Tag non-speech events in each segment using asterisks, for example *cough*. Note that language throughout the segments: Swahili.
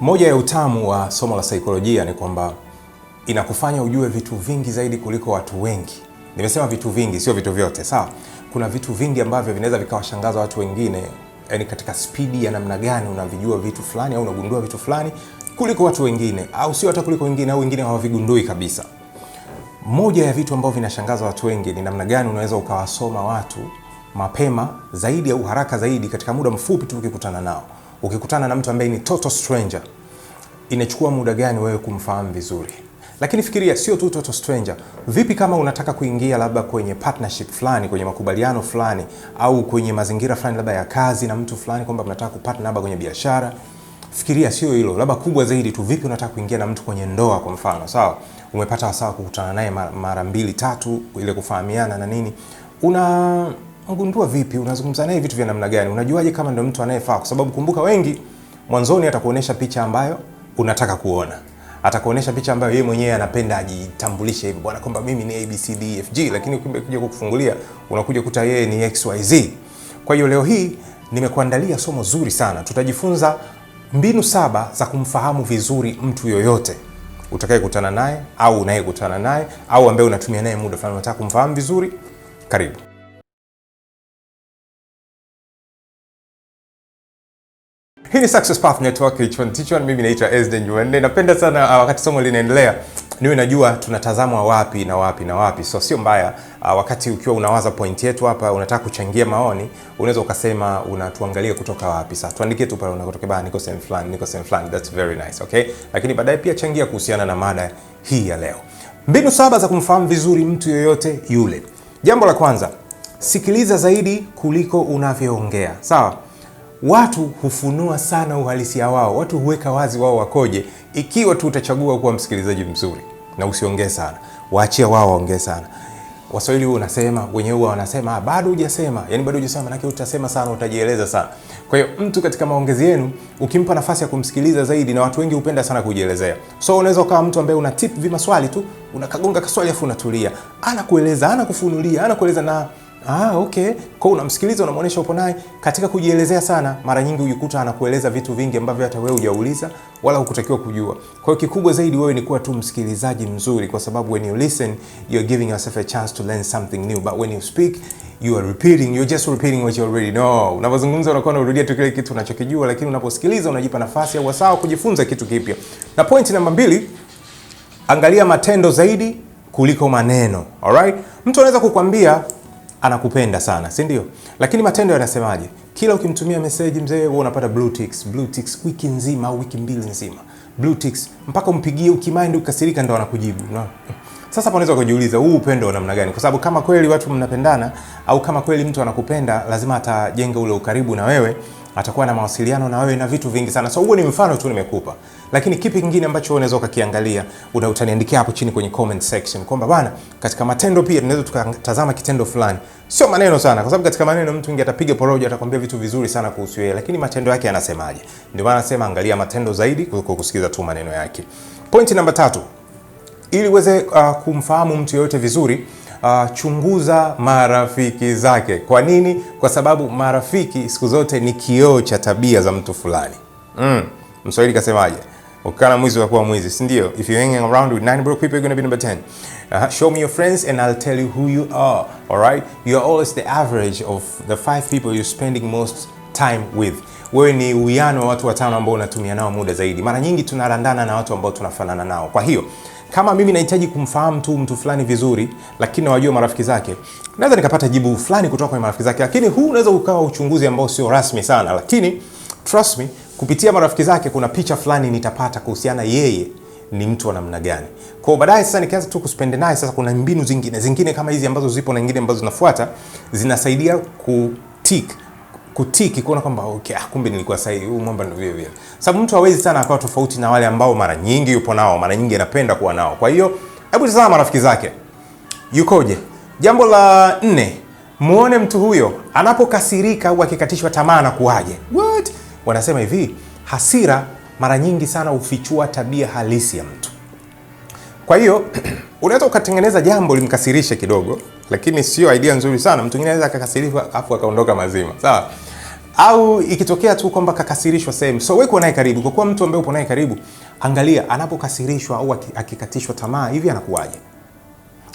Moja ya utamu wa somo la saikolojia ni kwamba inakufanya ujue vitu vingi zaidi kuliko watu wengi. Nimesema vitu vingi, sio vitu vyote, sawa? Kuna vitu vingi ambavyo vinaweza vikawashangaza watu wengine, yani katika spidi ya namna gani unavijua vitu fulani au unagundua vitu fulani kuliko watu wengine, au sio hata kuliko wengine, au wengine hawavigundui kabisa. Moja ya vitu ambavyo vinashangaza watu wengi ni namna gani unaweza ukawasoma watu mapema zaidi au haraka zaidi katika muda mfupi tu ukikutana nao ukikutana na mtu ambaye ni total stranger, inachukua muda gani wewe kumfahamu vizuri? Lakini fikiria sio tu total stranger. Vipi kama unataka kuingia labda kwenye partnership fulani, kwenye makubaliano fulani, au kwenye mazingira fulani labda ya kazi na mtu fulani, kwamba mnataka kupartner labda kwenye biashara. Fikiria sio hilo, labda kubwa zaidi tu, vipi unataka kuingia na mtu kwenye ndoa kwa mfano, sawa? Umepata wasaa kukutana naye mara mbili tatu, ile kufahamiana na nini, una unagundua vipi? Unazungumza naye vitu vya namna gani? Unajuaje kama ndio mtu anayefaa? Kwa sababu kumbuka, wengi mwanzoni atakuonesha picha ambayo unataka kuona, atakuonesha picha ambayo yeye mwenyewe anapenda ajitambulishe hivi bwana, kwamba mimi ni ABCDFG, e, lakini ukija kukufungulia unakuja kuta yeye ni XYZ. Kwa hiyo leo hii nimekuandalia somo zuri sana, tutajifunza mbinu saba za kumfahamu vizuri mtu yoyote utakayekutana naye au unayekutana naye au ambaye unatumia naye muda fulani, unataka kumfahamu vizuri. Karibu. Hii ni Success Path Network H1 Teacher, mimi naitwa Ezden Jumanne. Napenda sana uh, wakati somo linaendelea niwe najua tunatazamwa wapi na wapi na wapi, so sio mbaya uh, wakati ukiwa unawaza point yetu hapa, unataka kuchangia maoni, unaweza ukasema unatuangalia kutoka wapi. Sasa tuandikie tu pale unakotoka, bana, niko sehemu fulani, niko sehemu fulani, that's very nice, okay. Lakini baadaye pia changia kuhusiana na mada hii ya leo, mbinu saba za kumfahamu vizuri mtu yoyote yule. Jambo la kwanza, sikiliza zaidi kuliko unavyoongea, sawa Watu hufunua sana uhalisia wao, watu huweka wazi wao wakoje, ikiwa tu utachagua kuwa msikilizaji mzuri na usiongee sana, waachie wao waongee sana. Waswahili huu unasema wenyewe huwa wanasema ah, bado hujasema, yani bado hujasema, manake utasema sana, utajieleza sana. Kwa hiyo mtu katika maongezi yenu ukimpa nafasi ya kumsikiliza zaidi, na watu wengi hupenda sana kujielezea, so unaweza ukawa mtu ambaye una tip vimaswali tu, unakagonga kaswali afu unatulia, anakueleza anakufunulia, anakueleza na Ah, okay. Kwa unamsikiliza unamwonyesha upo naye katika kujielezea sana, mara nyingi hujikuta anakueleza vitu vingi ambavyo hata wewe hujauliza wala hukutakiwa kujua. Kwa hiyo kikubwa zaidi wewe ni kuwa tu msikilizaji mzuri, kwa sababu when you listen you are giving yourself a chance to learn something new, but when you speak you are repeating, you are just repeating what you already know. Unapozungumza unakuwa unarudia tu kile kitu unachokijua, lakini unaposikiliza unajipa nafasi ya wasaa kujifunza kitu kipya. Na point namba mbili, angalia matendo zaidi kuliko maneno. Alright? Mtu anaweza kukwambia anakupenda sana, si ndio? Lakini matendo yanasemaje? Kila ukimtumia message mzee, wewe unapata blue ticks, blue ticks wiki nzima au wiki mbili nzima, blue ticks mpaka umpigie ukimind ukasirika, ndo anakujibu no. Sasa hapo unaweza kujiuliza huu upendo wa namna gani? Kwa sababu kama kweli watu mnapendana au kama kweli mtu anakupenda, lazima atajenga ule ukaribu na wewe, atakuwa na mawasiliano na wewe na vitu vingi sana. So huo ni mfano tu nimekupa, lakini kipi kingine ambacho unaweza ukakiangalia? Utaniandikia hapo chini kwenye comment section kwamba bwana, katika matendo pia tunaweza tukatazama kitendo fulani, sio maneno sana, kwa sababu katika maneno mtu mwingine atapiga porojo, atakwambia vitu vizuri sana kuhusu yeye, lakini matendo yake yanasemaje? Ndio maana nasema angalia matendo zaidi kuliko kusikiza tu maneno yake. Point namba tatu, ili uweze uh, kumfahamu mtu yoyote vizuri uh, chunguza marafiki zake. Kwa nini? Kwa sababu marafiki siku zote ni kioo cha tabia za mtu fulani. Mm. Mswahili kasemaje? Ukikana mwizi utakuwa mwizi, si ndio? If you hanging around with nine broke people you're going to be number 10. Uh, show me your friends and I'll tell you who you are. All right? are always the average of the five people you're spending most time with wewe ni uwiano wa watu watano ambao unatumia nao muda zaidi. Mara nyingi tunalandana na watu ambao tunafanana nao. Kwa hiyo kama mimi nahitaji kumfahamu tu mtu fulani vizuri, lakini nawajua marafiki zake, naweza nikapata jibu fulani kutoka kwenye marafiki zake, lakini huu unaweza ukawa uchunguzi ambao sio rasmi sana, lakini trust me, kupitia marafiki zake kuna picha fulani nitapata kuhusiana yeye ni mtu wa namna gani. Kwa baadaye sasa nikianza tu kuspend naye sasa, kuna mbinu zingine zingine kama hizi ambazo zipo na nyingine ambazo zinafuata zinasaidia kutik kutiki kuona kwamba okay, ah, kumbe nilikuwa sahihi, huyu mwamba ndio vile vile, sababu mtu hawezi sana akawa tofauti na wale ambao mara nyingi yupo nao, mara nyingi anapenda kuwa nao. Kwa hiyo hebu tazama marafiki zake yukoje. Jambo la nne, muone mtu huyo anapokasirika au akikatishwa tamaa na kuwaje. What wanasema hivi, hasira mara nyingi sana hufichua tabia halisi ya mtu. Kwa hiyo *clears throat* unaweza ukatengeneza jambo limkasirishe kidogo, lakini sio idea nzuri sana. Mtu mwingine anaweza akakasirika afu akaondoka mazima, sawa. so, au ikitokea tu kwamba kakasirishwa sehemu. So wewe naye karibu, kwa kuwa mtu ambaye upo naye karibu, angalia anapokasirishwa au akikatishwa tamaa hivi anakuwaje.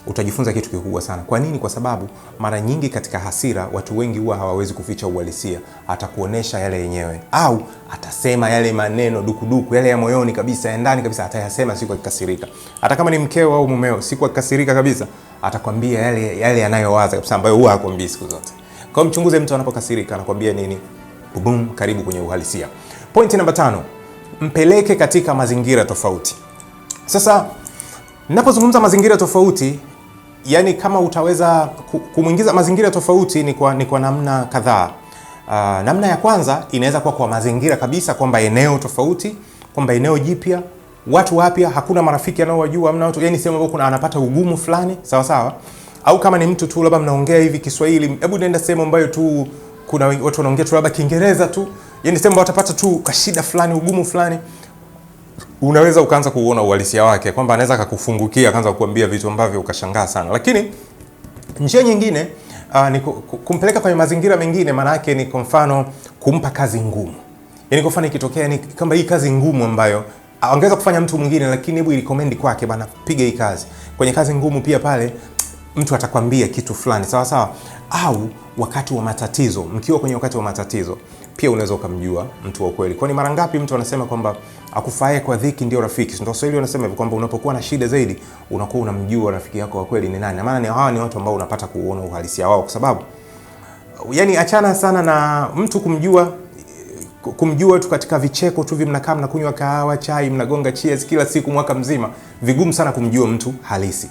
Utajifunza kitu kikubwa sana. Kwa nini? Kwa sababu mara nyingi katika hasira watu wengi huwa hawawezi kuficha uhalisia, atakuonesha yale yenyewe, au atasema yale maneno dukuduku, yale ya moyoni kabisa, ya ndani kabisa, atayasema siku akikasirika. Hata kama ni mkeo au mumeo, siku akikasirika kabisa, atakwambia yale yale yanayowaza kabisa, ambayo huwa hakwambii siku zote. Kwa mchunguze mtu anapokasirika anakuambia nini? Bum, karibu kwenye uhalisia. Point namba tano, mpeleke katika mazingira tofauti. Sasa ninapozungumza mazingira tofauti, yani kama utaweza kumwingiza mazingira tofauti ni kwa, ni kwa namna kadhaa. Uh, namna ya kwanza inaweza kuwa kwa mazingira kabisa, kwamba eneo tofauti, kwamba eneo jipya, watu wapya, hakuna marafiki anaowajua, hamna watu, yani sehemu ambayo kuna anapata ugumu fulani, sawa sawa au kama ni mtu tu labda mnaongea hivi Kiswahili, hebu nenda sehemu ambayo tu kuna watu wanaongea tu labda Kiingereza tu, yani sehemu ambayo watapata tu kashida fulani, ugumu fulani, unaweza ukaanza kuona uhalisia wake kwamba anaweza akakufungukia akaanza kukuambia vitu ambavyo ukashangaa sana. Lakini njia nyingine uh, ni kumpeleka kwenye mazingira mengine, maana yake ni kwa mfano kumpa kazi ngumu. Yani kwa mfano ikitokea ni kama hii kazi ngumu ambayo ah, angeweza kufanya mtu mwingine, lakini hebu irecommend kwake bana, piga hii kazi. Kwenye kazi ngumu pia pale mtu atakwambia kitu fulani sawa sawa, au wakati wa matatizo, mkiwa kwenye wakati wa matatizo pia unaweza ukamjua mtu wa ukweli, kwani mara ngapi mtu anasema kwamba akufae kwa dhiki ndio rafiki. Ndio Waswahili wanasema hivyo kwamba unapokuwa na shida zaidi unakuwa unamjua rafiki yako wa kweli ni nani, na maana ni hawa ni watu ambao unapata kuona uhalisia wao, kwa sababu yani, achana sana na mtu kumjua kumjua tu katika vicheko tu, vi, mnakaa mnakunywa kahawa, chai, mnagonga cheers kila siku mwaka mzima. Vigumu sana kumjua mtu halisi.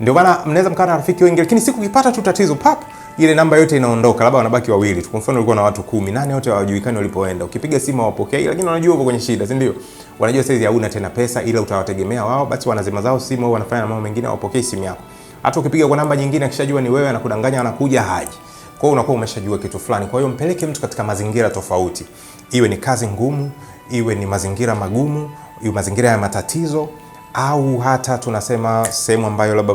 Ndio maana mnaweza mkawa na rafiki wengi, lakini siku ukipata tu tatizo pap, ile namba yote inaondoka, labda wanabaki wawili tu. Kwa mfano ulikuwa na watu kumi, nane wote hawajulikani walipoenda. Ukipiga simu hawapokei, lakini wanajua uko kwenye shida, si ndio? Wanajua saizi hauna tena pesa, ila utawategemea wao, basi wanazima zao simu au wanafanya mambo mengine, hawapokei simu yako. Hata ukipiga kwa namba nyingine, akishajua ni wewe, anakudanganya, anakuja haji kwa hiyo unakuwa umeshajua kitu fulani. Kwa hiyo mpeleke mtu katika mazingira tofauti, iwe ni kazi ngumu, iwe ni mazingira magumu, iwe mazingira ya matatizo au hata tunasema sehemu ambayo labda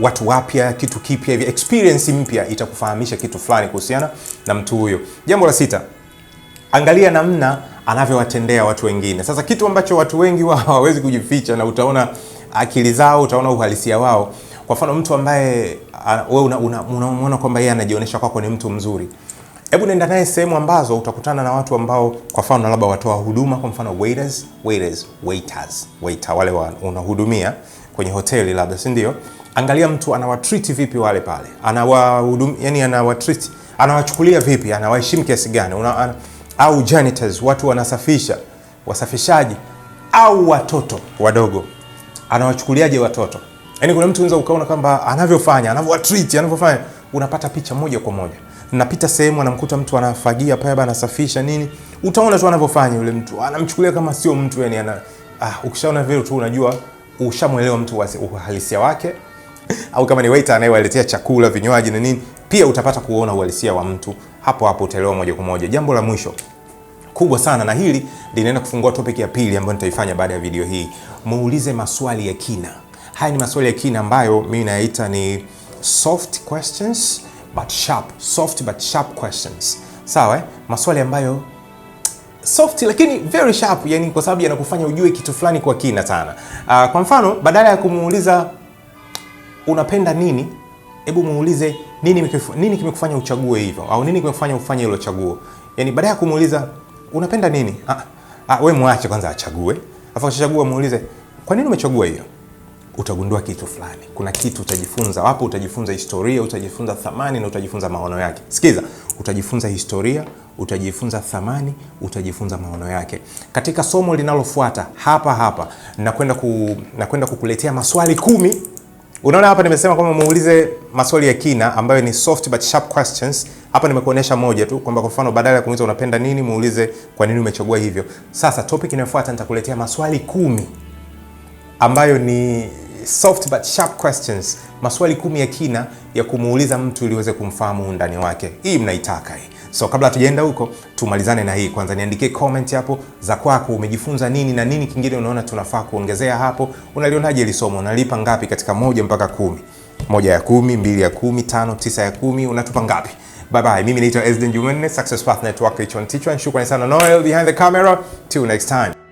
watu wapya, kitu kipya hivi, experience mpya itakufahamisha kitu fulani kuhusiana na mtu huyo. Jambo la sita, angalia namna anavyowatendea watu wengine. Sasa kitu ambacho watu wengi wao hawawezi kujificha, na utaona akili zao, utaona uhalisia wao. Kwa mfano mtu ambaye wewe unamwona una, una, una kwamba yeye anajionyesha kwako ni mtu mzuri Hebu nenda naye sehemu ambazo utakutana na watu ambao kwa mfano labda watoa huduma, kwa mfano waiters, waiters, waiters, waiter wale wa, unahudumia kwenye hoteli labda, si ndio? Angalia mtu anawatreat vipi wale pale, anawahudum, yani anawatreat, anawachukulia vipi, anawaheshimu kiasi gani? Una, an, au janitors, watu wanasafisha, wasafishaji au watoto wadogo, anawachukuliaje watoto? Yani kuna mtu unaweza ukaona kwamba anavyofanya, anavyowatreat, anavyofanya, unapata picha moja kwa moja napita sehemu, anamkuta mtu anafagia pale, bana anasafisha nini, utaona tu anavyofanya yule mtu, anamchukulia kama sio mtu yani ana, ah, ukishaona vile tu unajua ushamuelewa mtu uhalisia wake *laughs* au kama ni waiter anayewaletea chakula, vinywaji na nini, pia utapata kuona uhalisia wa mtu hapo hapo, utaelewa moja kwa moja. Jambo la mwisho kubwa sana, na hili linaenda kufungua topic ya pili ambayo nitaifanya baada ya video hii, muulize maswali ya kina. Haya ni maswali ya kina ambayo mimi nayaita ni soft questions but sharp, soft but sharp questions. Sawa eh? Maswali ambayo soft lakini very sharp, yani kwa sababu yanakufanya ujue kitu fulani kwa kina sana. Uh, kwa mfano badala ya kumuuliza unapenda nini, hebu muulize nini, mikifu, nini kimekufanya uchague hivyo au nini kimekufanya ufanye hilo chaguo. Yani badala ya kumuuliza unapenda nini, ah, ah, we muache kwanza achague, afu akishachagua muulize kwa nini umechagua hiyo utagundua kitu fulani, kuna kitu utajifunza. Wapo utajifunza historia, utajifunza thamani na utajifunza maono yake. Sikiza, utajifunza historia, utajifunza thamani, utajifunza maono yake. Katika somo linalofuata hapa hapa nakwenda ku, nakwenda kukuletea maswali kumi. Unaona hapa nimesema kwamba muulize maswali ya kina ambayo ni soft but sharp questions. Hapa nimekuonyesha moja tu kwamba kwa mfano badala ya kuuliza unapenda nini, muulize kwa nini umechagua hivyo. Sasa topic inayofuata nitakuletea maswali kumi ambayo ni soft but sharp questions, maswali kumi ya kina ya kumuuliza mtu ili uweze kumfahamu undani wake. Hii mnaitaka hii. So kabla tujaenda huko, tumalizane na hii kwanza. Niandikie comment hapo za kwako, umejifunza nini na nini kingine unaona tunafaa kuongezea hapo. Unalionaje somo? Unalipa ngapi katika moja mpaka kumi? Moja ya kumi, mbili ya kumi, tano, tisa ya kumi, unatupa ngapi? Bye bye. Mimi naitwa Ezden Jumanne, Success Path Network H1 Teacher. Shukrani sana Noel behind the camera. Till next time.